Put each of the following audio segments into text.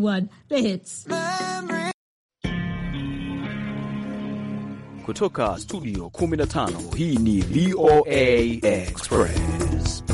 One, the hits. Kutoka studio 15 hii ni VOA Express.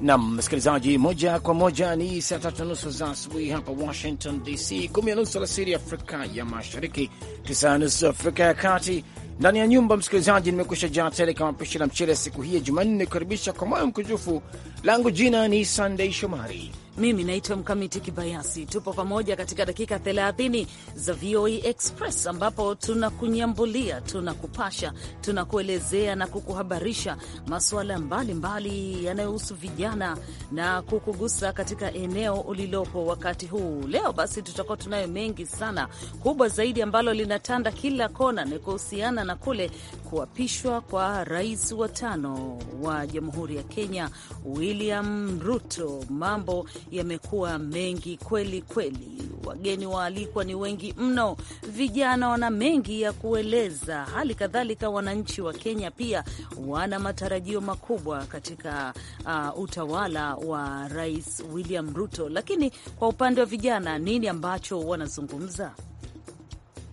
Nam msikilizaji, moja kwa moja ni saa tatu na nusu za asubuhi hapa Washington DC, kumi na nusu alasiri Afrika ya Mashariki, tisa na nusu Afrika ya Kati ndani ya nyumba. Msikilizaji, nimekusha jaa tele kama pishi la mchele siku hii ya Jumanne kukaribisha kwa moyo mkunjufu. Langu jina ni Sandei Shomari mimi naitwa Mkamiti Kibayasi. Tupo pamoja katika dakika 30 za VOA e Express, ambapo tunakunyambulia, tunakupasha, tunakuelezea na kukuhabarisha masuala mbalimbali yanayohusu vijana na kukugusa katika eneo ulilopo wakati huu. Leo basi, tutakuwa tunayo mengi sana. Kubwa zaidi ambalo linatanda kila kona ni kuhusiana na kule kuapishwa kwa rais wa tano wa Jamhuri ya Kenya William Ruto, mambo yamekuwa mengi kweli kweli. Wageni waalikwa ni wengi mno, vijana wana mengi ya kueleza. Hali kadhalika wananchi wa Kenya pia wana matarajio makubwa katika uh, utawala wa Rais William Ruto. Lakini kwa upande wa vijana, nini ambacho wanazungumza?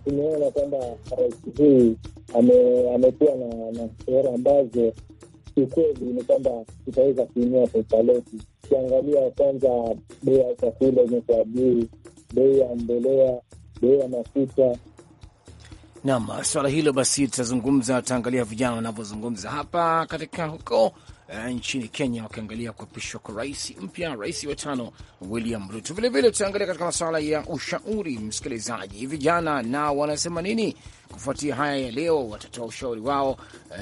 Tumeona kwamba rais huyu amekuwa na, na sera ambazo kiukweli ni kwamba tutaweza kuinua taifa letu. Ukiangalia kwanza, bei ya chakula imekuwa juu, bei ya mbolea, bei ya mafuta nam swala hilo basi tutazungumza, tutaangalia vijana wanavyozungumza hapa katika huko uh, nchini Kenya wakiangalia kuapishwa kwa rais mpya, rais wa tano William Ruto. Vilevile tutaangalia katika masuala ya ushauri, msikilizaji, vijana nao wanasema nini kufuatia haya ya leo, watatoa ushauri wao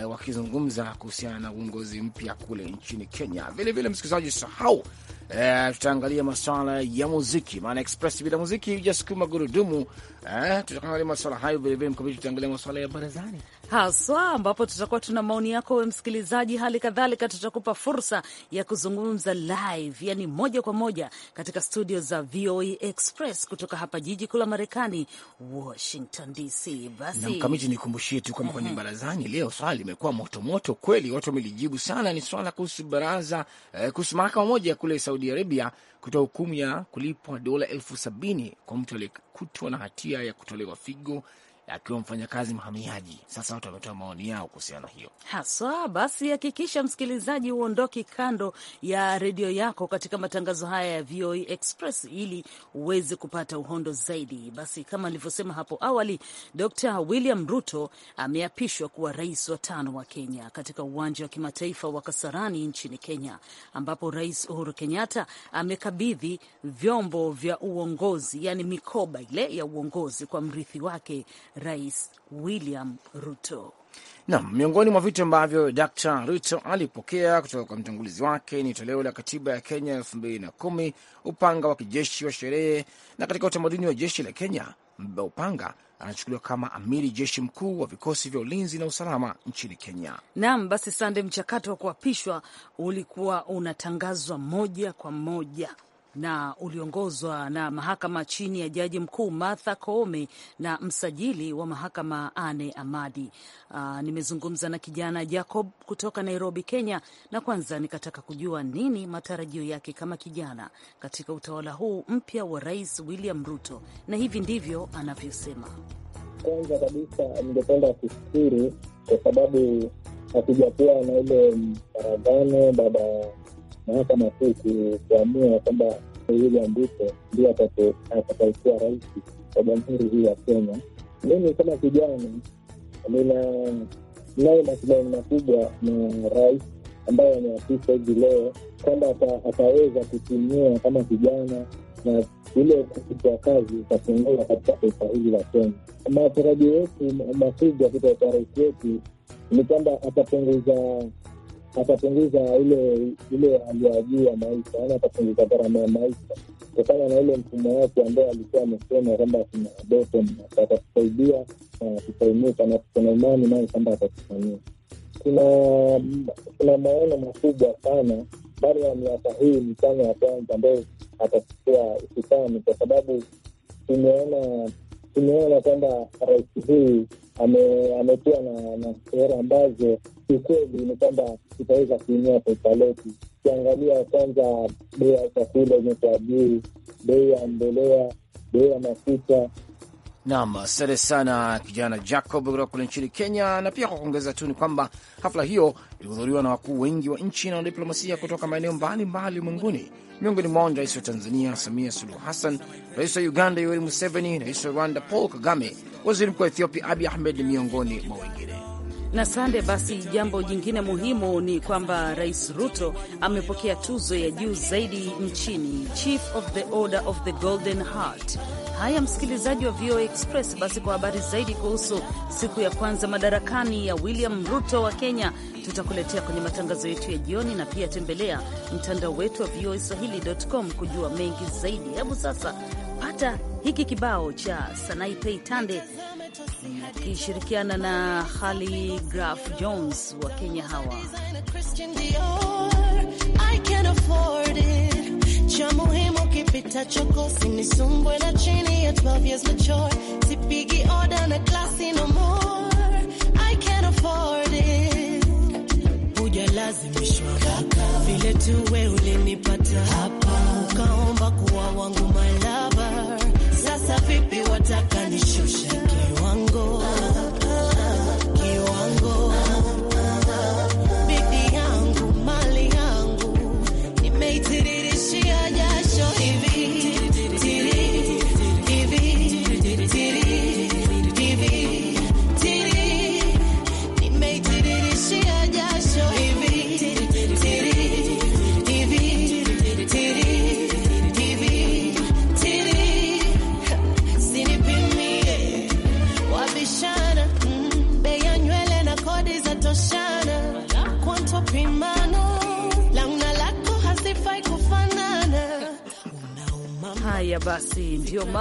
uh, wakizungumza kuhusiana na uongozi mpya kule nchini Kenya. Vilevile msikilizaji, sahau Eh, tutaangalia masuala ya muziki, maana express bila muziki hujasukuma gurudumu. Eh, tutaangalia masuala hayo vilevile, mkabidi tutaangalia masuala ya barazani haswa ambapo tutakuwa tuna maoni yako we msikilizaji. Hali kadhalika tutakupa fursa ya kuzungumza live, yani moja kwa moja katika studio za VOA e Express kutoka hapa jiji kuu la Marekani, Washington DC. Basi Mkamiti, nikumbushie tu kwamba kwenye barazani leo swala limekuwa motomoto kweli, watu wamelijibu sana. Ni swala kuhusu baraza eh, kuhusu mahakama moja kule Saudi Arabia kutoa hukumu ya kulipwa dola elfu sabini kwa mtu aliyekutwa na hatia ya kutolewa figo akiwa mfanyakazi mhamiaji. Sasa watu wametoa maoni yao kuhusiana hiyo haswa. Basi hakikisha msikilizaji, uondoki kando ya redio yako katika matangazo haya ya VOA e Express ili uweze kupata uhondo zaidi. Basi kama alivyosema hapo awali, Dr William Ruto ameapishwa kuwa rais wa tano wa Kenya katika uwanja wa kimataifa wa Kasarani nchini Kenya, ambapo Rais Uhuru Kenyatta amekabidhi vyombo vya uongozi, yani mikoba ile ya uongozi kwa mrithi wake Rais William Ruto. Nam, miongoni mwa vitu ambavyo dr Ruto alipokea kutoka kwa mtangulizi wake ni toleo la katiba ya Kenya elfu mbili na kumi, upanga wa kijeshi wa sherehe. Na katika utamaduni wa jeshi la Kenya, mbeba upanga anachukuliwa kama amiri jeshi mkuu wa vikosi vya ulinzi na usalama nchini Kenya. Naam, basi Sande, mchakato wa kuapishwa ulikuwa unatangazwa moja kwa moja na uliongozwa na mahakama chini ya jaji mkuu Martha Koome na msajili wa mahakama Ane Amadi. Uh, nimezungumza na kijana Jacob kutoka Nairobi, Kenya, na kwanza nikataka kujua nini matarajio yake kama kijana katika utawala huu mpya wa Rais William Ruto, na hivi ndivyo anavyosema. Kwanza kabisa ningependa kushukuru kwa sababu hatujakuwa na ile mparagano baba mahakama kuu kuamua kwamba William Ruto ndio atakayekuwa rais wa jamhuri hii ya Kenya. Mimi kama kijana ninayo matumaini makubwa na rais ambaye ameapishwa hivi leo kwamba ataweza kutumia kama kijana na ile ukufu wa kazi utapungua katika taifa hili la Kenya. Matarajio yetu makubwa kutoka kwa rais ni kwamba atapunguza akapunguza ile ile hali ya juu ya maisha, yaani akapunguza gharama ya maisha kutokana na ile mfumo wake ambao alikuwa amesema kwamba kuna doto atatusaidia na atutaimuka, na tuko na imani naye kwamba atatusaidia. Kuna maono makubwa sana ndani ya miaka hii mitano ya kwanza ambayo atachukua usukani, kwa sababu tumeona tumeona kwamba rais huyu amekuwa na sera ambazo Ukweli ni kwamba tutaweza kuinua taifa letu. Ukiangalia kwanza, bei ya chakula imekuwa juu, bei ya mbolea, bei ya mafuta. Nam, asante sana kijana Jacob kutoka kule nchini Kenya. Na pia kwa kuongeza tu ni kwamba hafla hiyo ilihudhuriwa na wakuu wengi wa nchi na wadiplomasia kutoka maeneo mbalimbali ulimwenguni. Miongoni mwao ni rais wa Tanzania Samia Suluhu Hassan, rais wa Uganda Yoweri Museveni, rais wa Rwanda Paul Kagame, waziri mkuu wa Ethiopia Abiy Ahmed, miongoni mwa wengine na sande. Basi jambo jingine muhimu ni kwamba Rais Ruto amepokea tuzo ya juu zaidi nchini, Chief of the Order of the Golden Heart. Haya, msikilizaji wa VOA Express, basi kwa habari zaidi kuhusu siku ya kwanza madarakani ya William Ruto wa Kenya tutakuletea kwenye matangazo yetu ya jioni, na pia tembelea mtandao wetu wa voa swahilicom kujua mengi zaidi. Hebu sasa Pata hiki kibao cha Sanaipei Tande akishirikiana na hali graf Jones wa Kenya hawa cha muhimu kipita choko sinisumbwe na chini ya 12 years mature sipigi na klasi no more nimelazimishwa vile tu we ulinipata hapa, ukaomba kuwa wangu lover. Sasa vipi wataka nishushe kiwango?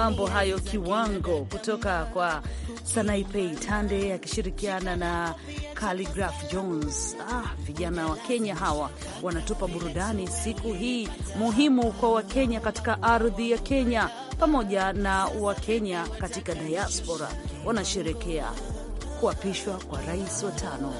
mambo hayo kiwango kutoka kwa Sanaipei Tande akishirikiana na Khaligraph Jones. Ah, vijana wa Kenya hawa wanatupa burudani siku hii muhimu kwa Wakenya katika ardhi ya Kenya, pamoja na Wakenya katika diaspora wanasherekea kuapishwa kwa rais wa tano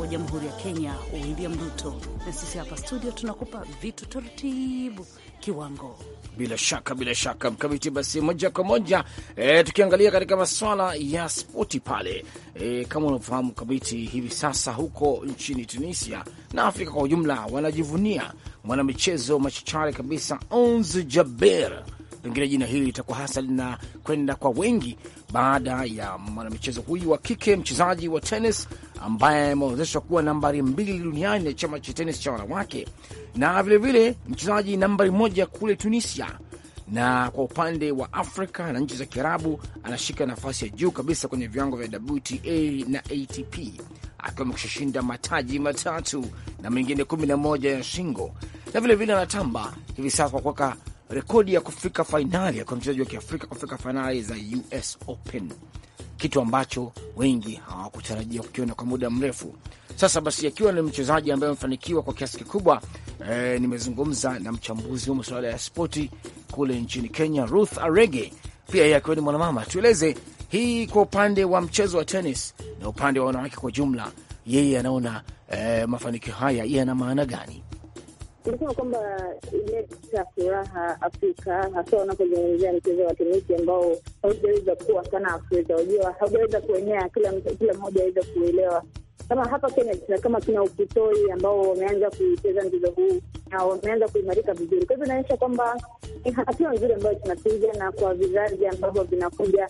wa Jamhuri ya Kenya William Ruto, na sisi hapa studio tunakupa vitu taratibu kiwango. Bila shaka, bila shaka Mkamiti. Basi moja kwa moja e, tukiangalia katika maswala ya spoti pale e, kama unavyofahamu Mkamiti, hivi sasa huko nchini Tunisia na Afrika kwa ujumla wanajivunia mwanamichezo machachari kabisa Ons Jabeur pengine jina hili litakuwa hasa linakwenda kwa wengi baada ya mwanamichezo huyu wa kike, mchezaji wa tenis ambaye amewezeshwa kuwa nambari mbili duniani na chama cha tenis cha wanawake, na vilevile mchezaji nambari moja kule Tunisia na kwa upande wa Afrika na nchi za Kiarabu anashika nafasi ya juu kabisa kwenye viwango vya WTA na ATP akiwa amekushashinda mataji matatu na mengine 11 ya shingo, na vilevile anatamba hivi sasa kwa kuweka rekodi ya kufika fainali kwa mchezaji wa Kiafrika kufika fainali za US Open, kitu ambacho wengi hawakutarajia kukiona kwa muda mrefu. Sasa basi, akiwa ni mchezaji ambaye amefanikiwa kwa kiasi kikubwa e, nimezungumza na mchambuzi wa masuala ya spoti kule nchini Kenya, Ruth Arege, pia yeye akiwa ni mwanamama. Tueleze hii kwa upande wa mchezo wa tenis na upande wa wanawake kwa jumla, yeye anaona e, mafanikio haya yana maana gani? Tunasema kwamba imeta furaha Afrika, hasa wanapozungumzia mchezo wa tenisi ambao haujaweza kuwa sana Afrika. Wajua, haujaweza kuenea, kila kila mmoja aweza kuelewa. Kama hapa Kenya kama kuna ukutoi ambao wameanza kucheza mchezo huu na wameanza kuimarika vizuri. Kwa hivyo inaonyesha kwamba ni hatua nzuri ambayo tunapiga, na kwa vizazi ambavyo vinakuja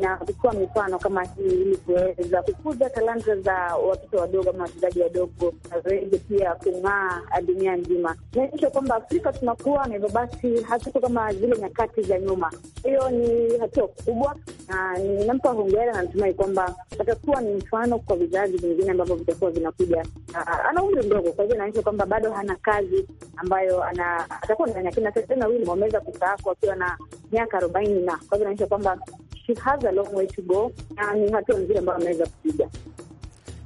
na kuchukua mifano kama hii ili kuweza kukuza talanta za watoto wadogo ama wachezaji wadogo waweze pia kung'aa dunia nzima. Inaonyesha kwamba Afrika tunakuwa na hivyo basi hatuko kama zile nyakati za nyuma. Hiyo ni hatua kubwa, na ninampa hongera na natumai kwamba atakuwa ni mfano kwa vizazi vingine ambavyo vitakuwa vinakuja. Ana umri mdogo, kwa hivyo inaonyesha kwamba bado hana kazi ambayo ana atakuwa ndani yake, na tena Will wameweza kustaafu akiwa na miaka arobaini, na kwa hivyo inaonyesha kwamba she has a long way to go, na ni hatua nzuri ambayo ameweza kupiga.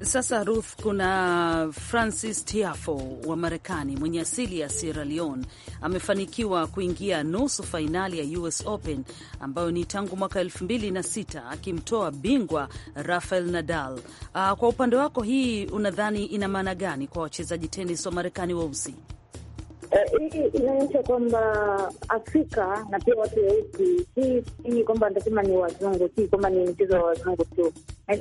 Sasa Ruth, kuna Francis Tiafo wa Marekani mwenye asili ya Sierra Leone amefanikiwa kuingia nusu fainali ya US Open ambayo ni tangu mwaka elfu mbili na sita akimtoa bingwa Rafael Nadal. Aa, ah, kwa upande wako hii unadhani ina maana gani kwa wachezaji tenis wa Marekani weusi wa Eh, hii uh, inaonyesha kwamba Afrika na pia watu weusi, hii si kwamba nitasema ni wazungu, si kwamba ni mchezo wa wazungu tu,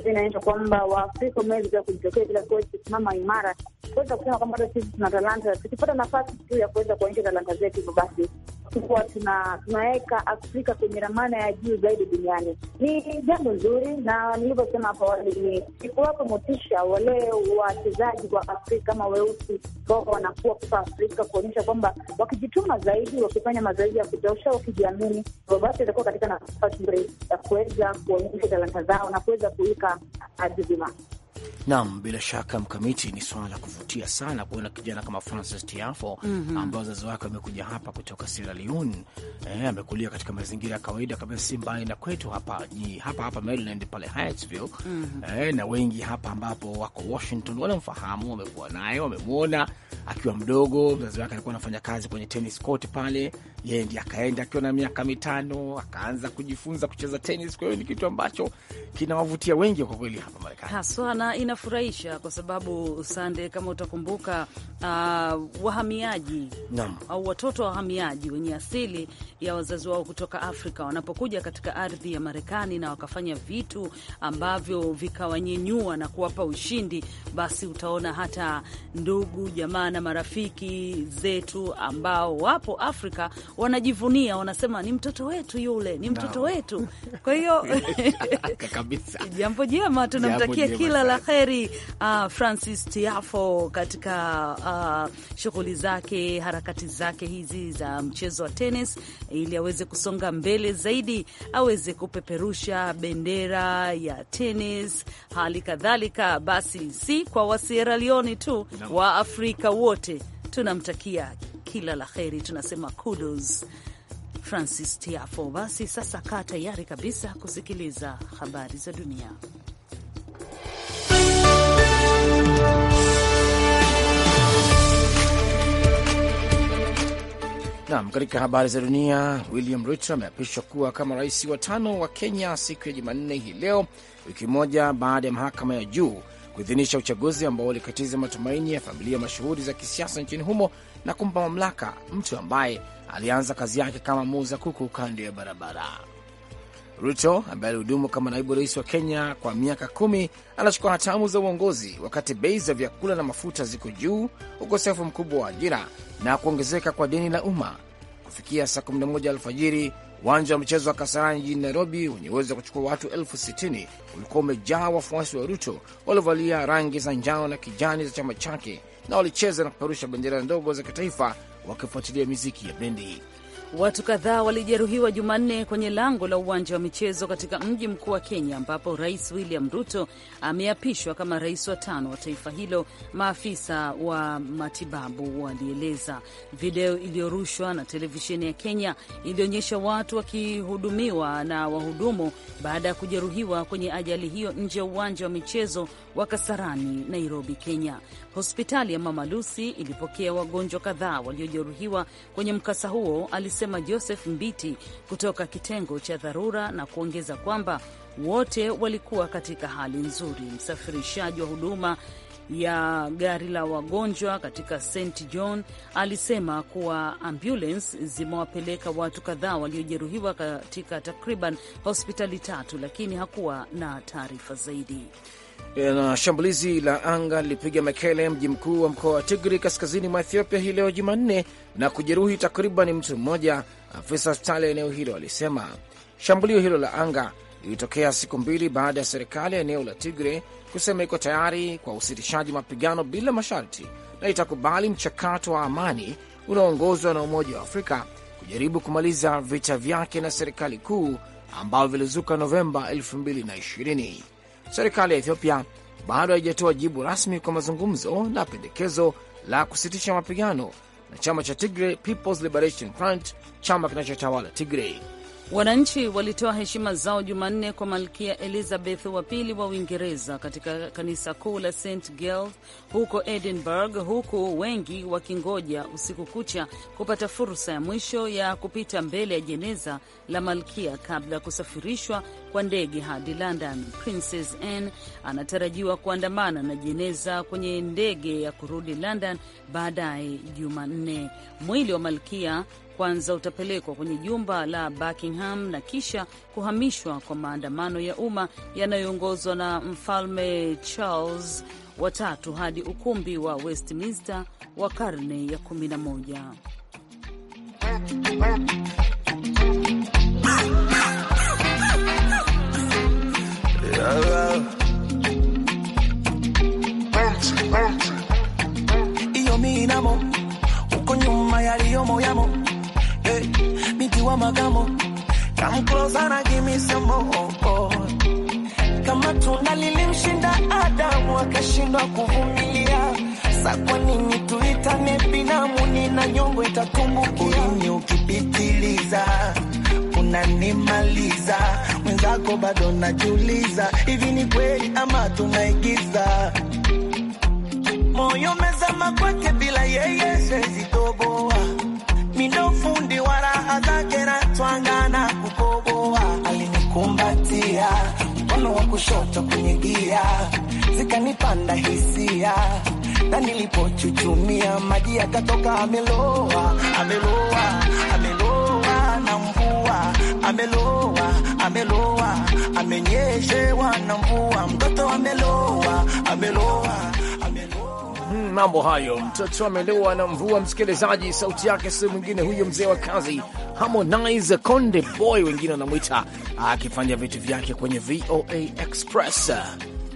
inaonyesha kwamba Waafrika wameweza kujitokea bila kuweza kusimama imara, kuweza kusema kwamba hata sisi tuna talanta, tukipata nafasi tu ya kuweza kuonyesha talanta zetu, hivyo basi tukuwa tunaweka Afrika kwenye ramana ya juu zaidi duniani. Ni jambo nzuri, na nilivyosema hapo awali, ni kuwapa motisha wale wachezaji wa Afrika ama weusi ambao wanakuwa kutoka Afrika, kuonyesha kwamba wakijituma zaidi, wakifanya mazoezi ya kutosha, wakijiamini, hivyo basi watakuwa katika nafasi nzuri ya kuweza kuonyesha talanta zao na kuweza ku Afrika nzima. Naam, bila shaka mkamiti, ni swala la kuvutia sana kuona kijana kama Francis Tiafo mm -hmm. ambaye wazazi wake wamekuja hapa kutoka Sierra Leone eh, amekulia katika mazingira ya kawaida kabisa, si mbali na kwetu hapa ni hapa hapa Maryland pale Hyattsville mm -hmm. eh, na wengi hapa ambapo wako Washington wanamfahamu, wamekuwa naye, wamemwona akiwa mdogo. Mzazi wake alikuwa anafanya kazi kwenye tennis court pale, yeye ndiye akaenda akiwa na miaka mitano akaanza kujifunza kucheza tennis. Kwa hiyo ni kitu ambacho kinawavutia wengi kwa kweli hapa Marekani inafurahisha kwa sababu Sande, kama utakumbuka, uh, wahamiaji Naam. au watoto wa wahamiaji wenye asili ya wazazi wao kutoka Afrika wanapokuja katika ardhi ya Marekani na wakafanya vitu ambavyo vikawanyenyua na kuwapa ushindi, basi utaona hata ndugu jamaa na marafiki zetu ambao wapo Afrika wanajivunia, wanasema ni mtoto wetu yule, ni mtoto wetu. Kwa hiyo jambo jema, tunamtakia kila la heri heri uh, Francis Tiafo katika uh, shughuli zake, harakati zake hizi za mchezo wa tenis, ili aweze kusonga mbele zaidi, aweze kupeperusha bendera ya tenis. Hali kadhalika basi, si kwa Wasierra Leone tu, wa Afrika wote tunamtakia kila la heri, tunasema kudos Francis Tiafo. Basi sasa kaa tayari kabisa kusikiliza habari za dunia. Nam, katika habari za dunia, William Ruto ameapishwa kuwa kama rais wa tano wa Kenya siku ya Jumanne hii leo, wiki moja baada ya mahakama ya juu kuidhinisha uchaguzi ambao ulikatiza matumaini ya familia mashuhuri za kisiasa nchini humo na kumpa mamlaka mtu ambaye alianza kazi yake kama muuza kuku kando ya barabara. Ruto ambaye alihudumu kama naibu rais wa Kenya kwa miaka kumi anachukua hatamu za uongozi wakati bei za vyakula na mafuta ziko juu, ukosefu mkubwa wa ajira na kuongezeka kwa deni la umma. Kufikia saa 11 alfajiri, uwanja wa mchezo wa Kasarani jijini Nairobi wenye uwezo wa kuchukua watu elfu sitini ulikuwa umejaa wafuasi wa Ruto waliovalia rangi za njano na kijani za chama chake na walicheza na kupeperusha bendera ndogo za kitaifa wakifuatilia miziki ya bendi. Watu kadhaa walijeruhiwa Jumanne kwenye lango la uwanja wa michezo katika mji mkuu wa Kenya, ambapo Rais William Ruto ameapishwa kama rais wa tano wa taifa hilo, maafisa wa matibabu walieleza. Video iliyorushwa na televisheni ya Kenya ilionyesha watu wakihudumiwa na wahudumu baada ya kujeruhiwa kwenye ajali hiyo nje ya uwanja wa michezo wa Kasarani, Nairobi, Kenya. Hospitali ya Mama Lucy ilipokea wagonjwa kadhaa waliojeruhiwa kwenye mkasa huo, alisema amesema Joseph Mbiti kutoka kitengo cha dharura na kuongeza kwamba wote walikuwa katika hali nzuri. Msafirishaji wa huduma ya gari la wagonjwa katika St John alisema kuwa ambulance zimewapeleka watu kadhaa waliojeruhiwa katika takriban hospitali tatu, lakini hakuwa na taarifa zaidi. Eh, na shambulizi la anga lilipiga Mekele, mji mkuu wa mkoa wa Tigri kaskazini mwa Ethiopia hii leo Jumanne, na kujeruhi takriban mtu mmoja, afisa hospitali ya eneo hilo alisema. Shambulio hilo la anga lilitokea siku mbili baada ya serikali ya eneo la Tigre kusema iko tayari kwa usitishaji mapigano bila masharti na itakubali mchakato wa amani unaoongozwa na Umoja wa Afrika kujaribu kumaliza vita vyake na serikali kuu ambavyo vilizuka Novemba 2020 serikali ya Ethiopia bado haijatoa jibu rasmi kwa mazungumzo na pendekezo la kusitisha mapigano na chama cha Tigray People's Liberation Front, chama kinachotawala Tigray. Wananchi walitoa heshima zao Jumanne kwa Malkia Elizabeth wa pili wa Uingereza katika kanisa kuu la St Giles huko Edinburgh, huku wengi wakingoja usiku kucha kupata fursa ya mwisho ya kupita mbele ya jeneza la malkia kabla ya kusafirishwa kwa ndege hadi London. Princess Anne anatarajiwa kuandamana na jeneza kwenye ndege ya kurudi London baadaye Jumanne. Mwili wa malkia kwanza utapelekwa kwenye jumba la Buckingham na kisha kuhamishwa kwa maandamano ya umma yanayoongozwa na Mfalme Charles watatu hadi ukumbi wa Westminster wa karne ya 11 wa magamo. Come closer and give me some more. Oh, oh. Kama tunda lilimshinda Adamu akashindwa kuvumilia, sa kwa nini tuitane binamu? Nina nyongo itatumbukia. Ulimi ukipitiliza unanimaliza, mwenzako bado najiuliza, hivi ni kweli ama tunaigiza? Moyo umezama kwake kushoto kwenye gia zikanipanda hisia, na nilipochuchumia maji yakatoka. Ameloa, ameloa, ameloa na mvua, ameloa, ameloa, amenyeshewa na mvua, mtoto ameloa, ameloa mambo hayo, mtoto amelewa na mvua. Msikilizaji, sauti yake si mwingine huyo mzee wa kazi Harmonize Konde Boy, wengine wanamwita akifanya vitu vyake kwenye VOA Express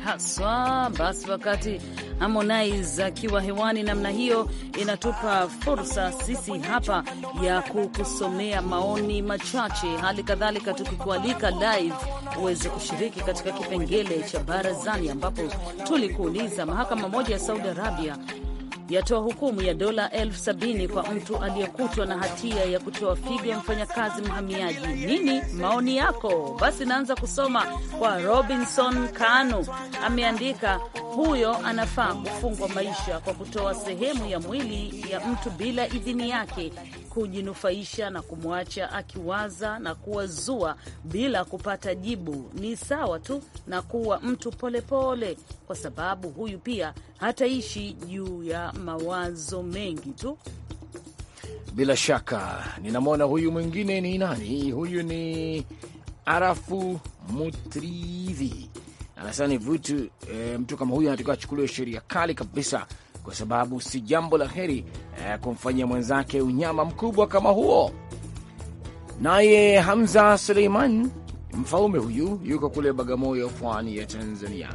haswa. Basi wakati Harmonize akiwa hewani namna hiyo, inatupa fursa sisi hapa ya kukusomea maoni machache, hali kadhalika tukikualika live uweze kushiriki katika kipengele cha barazani, ambapo tulikuuliza mahakama moja ya Saudi Arabia yatoa hukumu ya dola elfu sabini kwa mtu aliyekutwa na hatia ya kutoa figo ya mfanyakazi mhamiaji. Nini maoni yako? Basi naanza kusoma kwa Robinson Kanu, ameandika huyo anafaa kufungwa maisha kwa kutoa sehemu ya mwili ya mtu bila idhini yake kujinufaisha na kumwacha akiwaza na kuwa zua bila kupata jibu ni sawa tu na kuwa mtu polepole pole, kwa sababu huyu pia hataishi juu ya mawazo mengi tu. Bila shaka ninamwona huyu mwingine ni nani? Huyu ni Arafu Mutrivi anasema ni vutu e, eh, mtu kama huyu anatakiwa achukuliwe sheria kali kabisa kwa sababu si jambo la heri eh, kumfanyia mwenzake unyama mkubwa kama huo. Naye Hamza Suleiman, mfaume huyu yuko kule Bagamoyo, pwani ya Tanzania,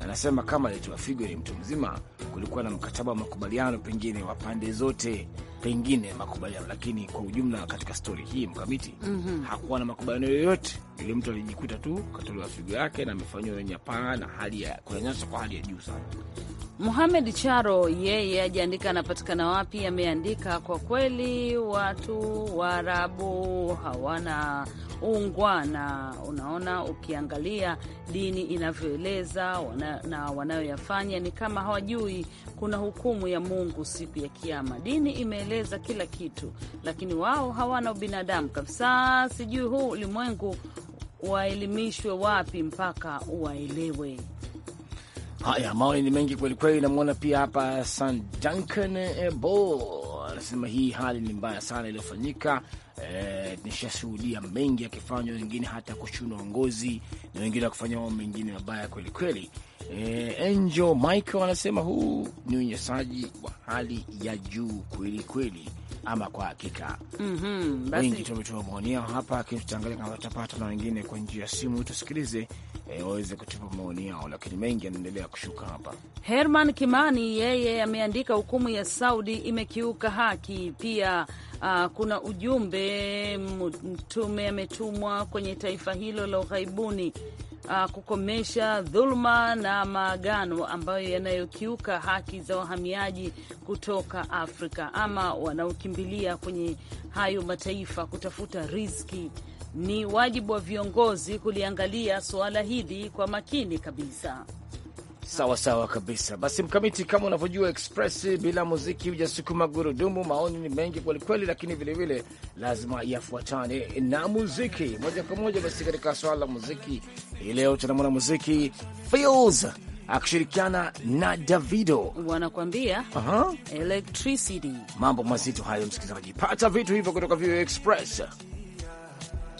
anasema kama alitoa figo ni mtu mzima, kulikuwa na mkataba wa makubaliano, pengine wa pande zote, pengine makubaliano, lakini kwa ujumla katika stori hii mkamiti, mm -hmm. hakuwa na makubaliano yoyote. Yule mtu alijikuta tu katolewa figo yake na amefanyiwa nyapaa na hali ya kunyanyaswa kwa hali ya juu sana. Muhamed Charo yeye ajaandika anapatikana wapi. Ameandika kwa kweli, watu Waarabu hawana ungwana. Unaona, ukiangalia dini inavyoeleza wana, na wanayoyafanya ni kama hawajui kuna hukumu ya Mungu siku ya Kiama. Dini imeeleza kila kitu, lakini wao hawana ubinadamu kabisa. Sijui huu ulimwengu waelimishwe wapi mpaka uwaelewe. Haya, maoni ni mengi kweli kweli. Namwona pia hapa San Duncan Ebo eh, anasema hii hali ni mbaya sana iliyofanyika. E, nishashuhudia mengi akifanywa wengine hata kuchunwa ngozi na wengine akufanya mambo mengine mabaya kweli kweli. E, Angel Michael anasema huu ni unyenyesaji wa hali ya juu kweli kweli, ama kwa hakika. mm -hmm, wengi tumetoa maoni yao hapa, lakini tutaangalia kama tutapata na wengine kwa njia ya simu. Tusikilize Eh, waweze kutupa maoni yao, lakini mengi yanaendelea kushuka hapa. Herman Kimani yeye ameandika hukumu ya Saudi imekiuka haki. Pia uh, kuna ujumbe mtume ametumwa kwenye taifa hilo la ughaibuni Uh, kukomesha dhuluma na maagano ambayo yanayokiuka haki za wahamiaji kutoka Afrika ama wanaokimbilia kwenye hayo mataifa kutafuta riziki ni wajibu wa viongozi kuliangalia suala hili kwa makini kabisa. Sawa sawa kabisa. Basi Mkamiti, kama unavyojua Express bila muziki hujasukuma gurudumu. Maoni ni mengi kwelikweli, lakini vilevile lazima yafuatane na muziki moja kwa moja. Basi katika swala la muziki hii leo tunamwona muziki Feels akishirikiana na Davido wanakuambia uh -huh. Electricity. Mambo mazito hayo, msikilizaji, pata vitu hivyo kutoka VOA Express.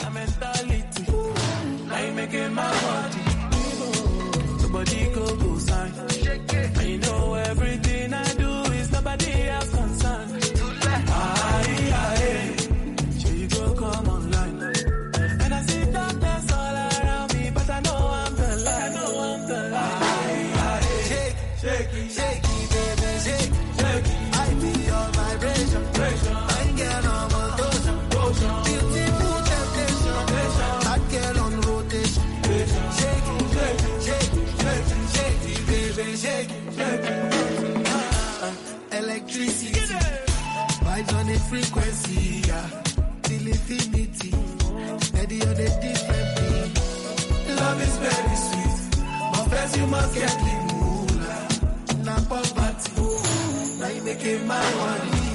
na mentality. I make it my body. Nobody go go sign. I know everything I Ah, electricity vibes on frequency, yeah. till infinity. Steady on a different Love is very sweet, my first you must get the moolah. Now poverty, now you make it my one.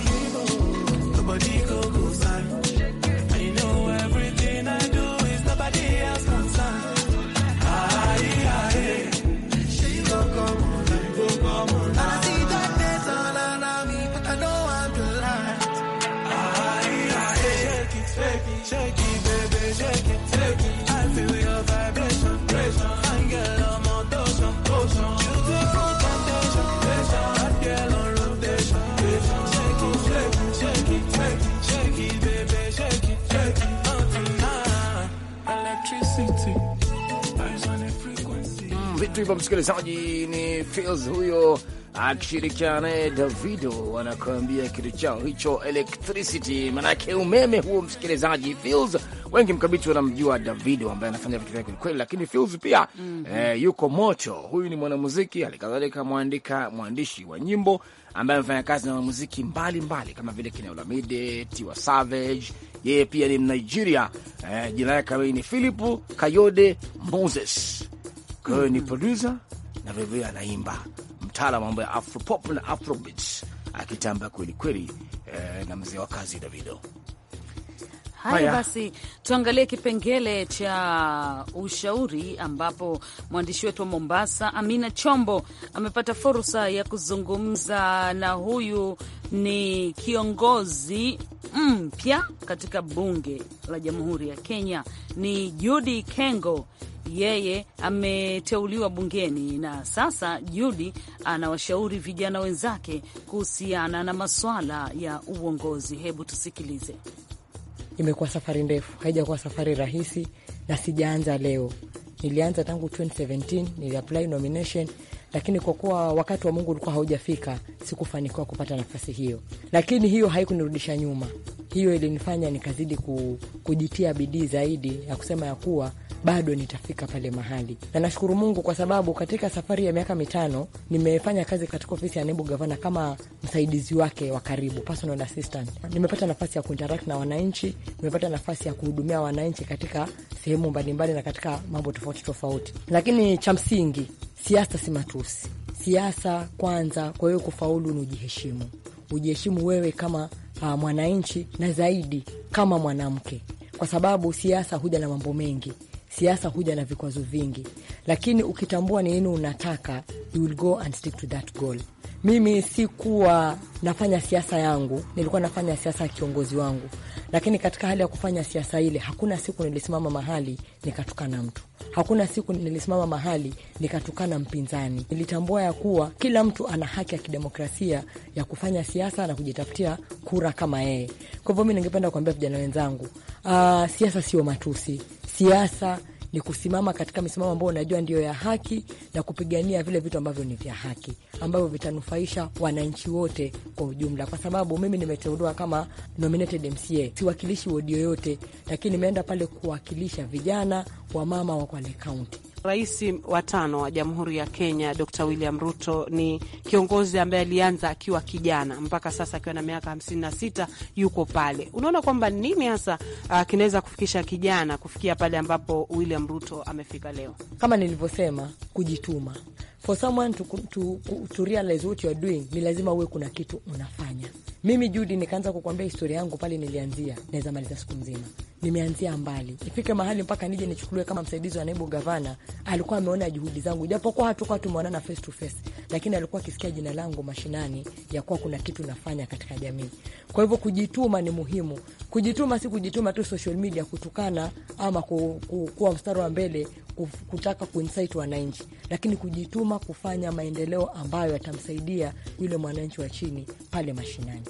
vitu hivyo, msikilizaji. Ni Fils huyo akishirikiana naye Davido wanakuambia kitu chao hicho electricity, manake umeme huo. Msikilizaji, Fils wengi mkabiti wanamjua Davido ambaye anafanya vitu vyake kweli, lakini Fils pia mm -hmm. eh, yuko moto. Huyu ni mwanamuziki halikadhalika mwandika mwandishi wa nyimbo ambaye amefanya kazi na wanamuziki mbalimbali kama vile Kina Olamide, Tiwa Savage. Yeye pia ni Mnigeria eh, jina lake ni Philip Kayode Moses kwa hiyo ni producer na vilevile anaimba, mtaala mambo ya afropop na afrobeats, akitamba kwelikweli eh, na mzee wa kazi Davido. Haya basi, tuangalie kipengele cha ushauri, ambapo mwandishi wetu wa Mombasa, Amina Chombo, amepata fursa ya kuzungumza na huyu. Ni kiongozi mpya katika bunge la jamhuri ya Kenya, ni Judy Kengo yeye ameteuliwa bungeni na sasa judi anawashauri vijana wenzake kuhusiana na maswala ya uongozi. Hebu tusikilize. Imekuwa safari ndefu, haijakuwa safari rahisi, na sijaanza leo. Nilianza tangu 2017 niliapply nomination, lakini kwa kuwa wakati wa Mungu ulikuwa haujafika, sikufanikiwa kupata nafasi hiyo, lakini hiyo haikunirudisha nyuma hiyo ilinifanya nikazidi kujitia bidii zaidi ya kusema ya kuwa bado nitafika pale mahali, na nashukuru Mungu kwa sababu katika safari ya miaka mitano nimefanya kazi katika ofisi ya naibu gavana kama msaidizi wake wa karibu, personal assistant. Nimepata nafasi ya kuinteract na wananchi, nimepata nafasi ya kuhudumia wananchi katika sehemu mbalimbali na katika mambo tofauti tofauti, lakini cha msingi, siasa si matusi. Siasa kwanza. Kwa hiyo kufaulu ni ujiheshimu, ujiheshimu wewe kama uh, mwananchi na zaidi kama mwanamke, kwa sababu siasa huja na mambo mengi, siasa huja na vikwazo vingi, lakini ukitambua ni nini unataka, you will go and stick to that goal mimi sikuwa nafanya siasa yangu, nilikuwa nafanya siasa ya kiongozi wangu. Lakini katika hali ya kufanya siasa ile, hakuna siku nilisimama mahali nikatukana mtu, hakuna siku nilisimama mahali nikatukana mpinzani. Nilitambua ya kuwa kila mtu ana haki ya kidemokrasia ya kufanya siasa na kujitafutia kura kama yeye. Kwa hivyo mi ningependa kuambia vijana wenzangu, uh, siasa sio matusi, siasa ni kusimama katika misimamo ambayo unajua ndio ya haki na kupigania vile vitu ambavyo ni vya haki ambavyo vitanufaisha wananchi wote kwa ujumla, kwa sababu mimi nimeteuliwa kama nominated MCA, siwakilishi wodi yoyote, lakini nimeenda pale kuwakilisha vijana, mama wa Kwale Kaunti. Rais wa tano wa Jamhuri ya Kenya Dr. William Ruto ni kiongozi ambaye alianza akiwa kijana mpaka sasa akiwa na miaka hamsini na sita yuko pale. Unaona kwamba nini hasa uh, kinaweza kufikisha kijana kufikia pale ambapo William Ruto amefika leo? Kama nilivyosema, kujituma for someone to, to, to realize what you are doing, ni lazima uwe kuna kitu unafanya. Mimi Judi, nikaanza kukwambia historia yangu pale nilianzia, naweza maliza siku nzima. Nimeanzia mbali, ifike mahali mpaka nije nichukuliwe kama msaidizi wa naibu gavana. Alikuwa ameona juhudi zangu, ijapokuwa hatukuwa tumeonana face to face, lakini alikuwa akisikia jina langu mashinani ya kuwa kuna kitu nafanya katika jamii. Kwa hivyo kujituma ni muhimu. Kujituma si kujituma tu social media kutukana ama ku, ku, kuwa mstari wa mbele kutaka kuinsight wananchi, lakini kujituma ama kufanya maendeleo ambayo yatamsaidia yule mwananchi wa chini pale mashinani.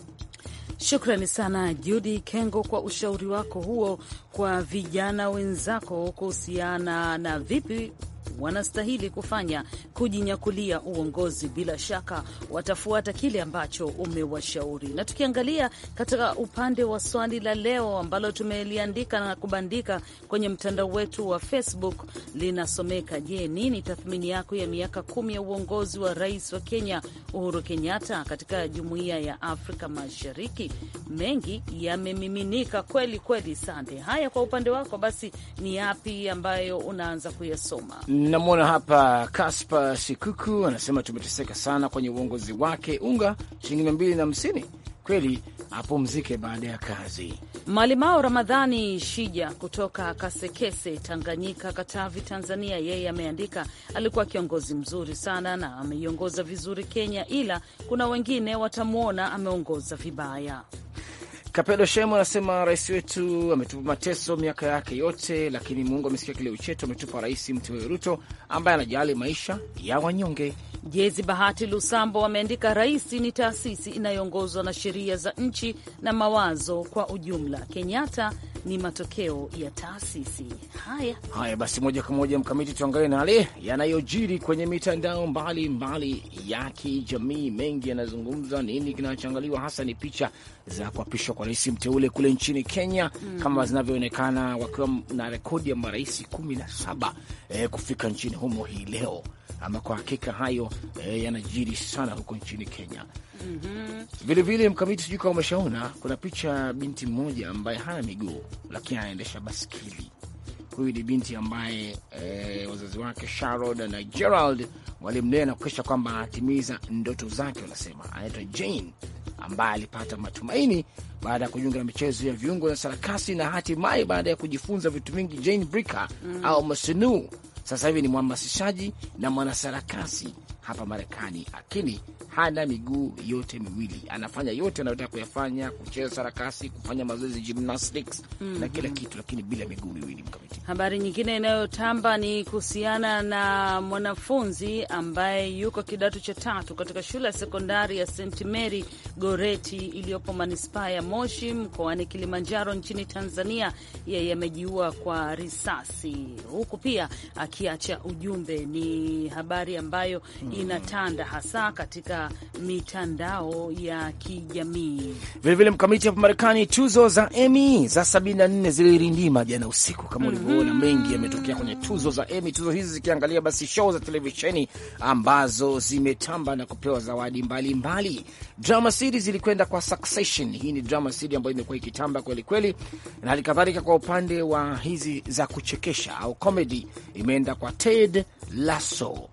Shukrani sana judi Kengo kwa ushauri wako huo kwa vijana wenzako kuhusiana na vipi wanastahili kufanya kujinyakulia uongozi, bila shaka watafuata kile ambacho umewashauri. Na tukiangalia katika upande wa swali la leo ambalo tumeliandika na kubandika kwenye mtandao wetu wa Facebook linasomeka: Je, nini tathmini yako ya miaka kumi ya uongozi wa Rais wa Kenya Uhuru Kenyatta katika Jumuiya ya Afrika Mashariki? Mengi yamemiminika kweli kweli. Sande, haya kwa upande wako basi, ni yapi ambayo unaanza kuyasoma? Namwona hapa Kaspa Sikuku anasema tumeteseka sana kwenye uongozi wake, unga shilingi mia mbili na hamsini kweli apumzike baada ya kazi. Malimao Ramadhani Shija kutoka Kasekese, Tanganyika, Katavi, Tanzania, yeye ameandika alikuwa kiongozi mzuri sana na ameiongoza vizuri Kenya, ila kuna wengine watamwona ameongoza vibaya. Kapelo Shemu anasema rais wetu ametupa mateso miaka yake yote, lakini Mungu amesikia kilio chetu, ametupa rais mteule Ruto ambaye anajali maisha ya wanyonge. Jezi Bahati Lusambo ameandika rais ni taasisi inayoongozwa na sheria za nchi na mawazo kwa ujumla. Kenyatta ni matokeo ya taasisi. Haya haya, basi moja kwa moja mkamiti, tuangalie na yale yanayojiri kwenye mitandao mbalimbali ya kijamii. Mengi yanazungumza, nini kinachoangaliwa hasa ni picha za kuapishwa kwa rais mteule kule nchini Kenya mm. kama zinavyoonekana wakiwa na rekodi ya marais kumi na saba eh, kufika nchini humo hii leo ama kwa hakika hayo eh, yanajiri sana huko nchini Kenya. mm -hmm. vile mkamiti, sijui kama umeshaona kuna picha binti mmoja ambaye hana miguu lakini anaendesha baskili. Huyu ni binti ambaye eh, wazazi wake Sharod na Gerald walimlea na kuhakikisha kwamba anatimiza ndoto zake. Wanasema anaitwa Jane ambaye alipata matumaini baada ya kujiunga na michezo ya viungo na sarakasi, na hatimaye baada ya kujifunza vitu vingi Jane Bricker mm. au Masinu sasa hivi ni mhamasishaji na mwanasarakasi hapa Marekani, lakini hana miguu yote miwili. Anafanya yote anayotaka kuyafanya, kucheza sarakasi, kufanya mazoezi gymnastics mm -hmm. na mhm. kila kitu, lakini bila miguu miwili mkamiti. Habari nyingine inayotamba ni kuhusiana na mwanafunzi ambaye yuko kidato cha tatu katika shule ya sekondari ya St Mary Goreti iliyopo manispaa ya Moshi mkoani Kilimanjaro nchini Tanzania. Yeye amejiua kwa risasi, huku pia akiacha ujumbe. Ni habari ambayo mm -hmm inatanda hasa katika mitandao ya kijamii. Vilevile mkamiti hapa Marekani, tuzo za Emmy za 74 zilirindima jana usiku kama ulivyoona. Mm, mengi yametokea kwenye tuzo za Emmy, tuzo hizi zikiangalia basi show za televisheni ambazo zimetamba na kupewa zawadi mbalimbali. Drama series zilikwenda kwa Succession. Hii ni drama series ambayo imekuwa ikitamba kweli kweli, na hali kadhalika kwa upande wa hizi za kuchekesha au comedy imeenda kwa Ted Lasso.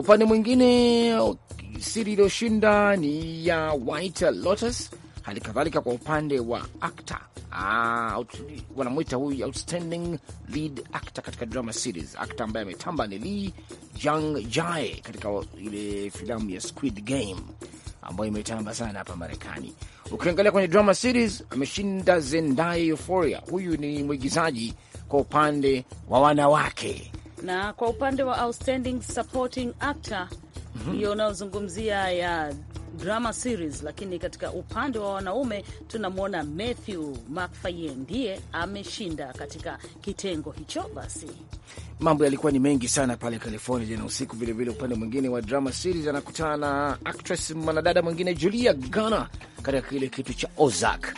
Upande mwingine siri iliyoshinda ni ya White Lotus, hali kadhalika kwa upande wa actor ah, out, wanamwita huyu outstanding lead actor katika drama series. Actor ambaye ametamba ni Lee Jang Jae katika ile filamu ya Squid Game ambayo imetamba sana hapa Marekani. Ukiangalia kwenye drama series ameshinda Zendaya Euphoria. Huyu ni mwigizaji kwa upande wa wanawake na kwa upande wa outstanding supporting actor mhm. hiyo unaozungumzia ya drama series, lakini katika upande wa wanaume tunamwona Matthew McFadyen ndiye ameshinda katika kitengo hicho. Basi mambo yalikuwa ni mengi sana pale California jana usiku. Vilevile upande mwingine wa drama series anakutana na actress mwanadada mwingine Julia Garner katika kile kitu cha Ozark.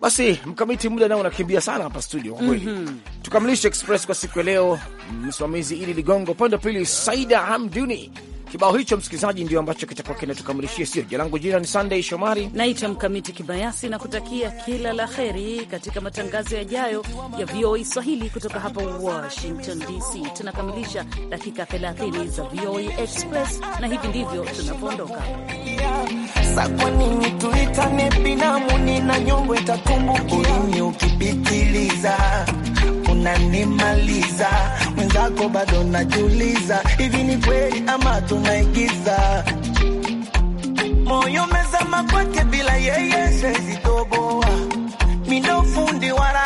Basi mkamiti, muda nao unakimbia sana hapa studio kweli. mm -hmm. Tukamilishe express kwa siku ya leo, msimamizi Idi Ligongo, pande pili Saida Hamduni Kibao hicho msikilizaji, ndio ambacho kitakuwa kinatukamilishia sio. Jina langu jina ni Sunday Shomari, naitwa Mkamiti Kibayasi, na kutakia kila la heri katika matangazo yajayo ya VOA Swahili kutoka hapa Washington DC. Tunakamilisha dakika 30 za VOA Express, na hivi ndivyo tunapoondoka. Sa kwa nini tuitane binamu? Nina nyongo itatumbukia ukipitiliza unanimaliza, mwenzako bado najiuliza, hivi ni kweli ama tunaigiza? Moyo mezama kwake, bila yeye sezi mi ndo fundi wala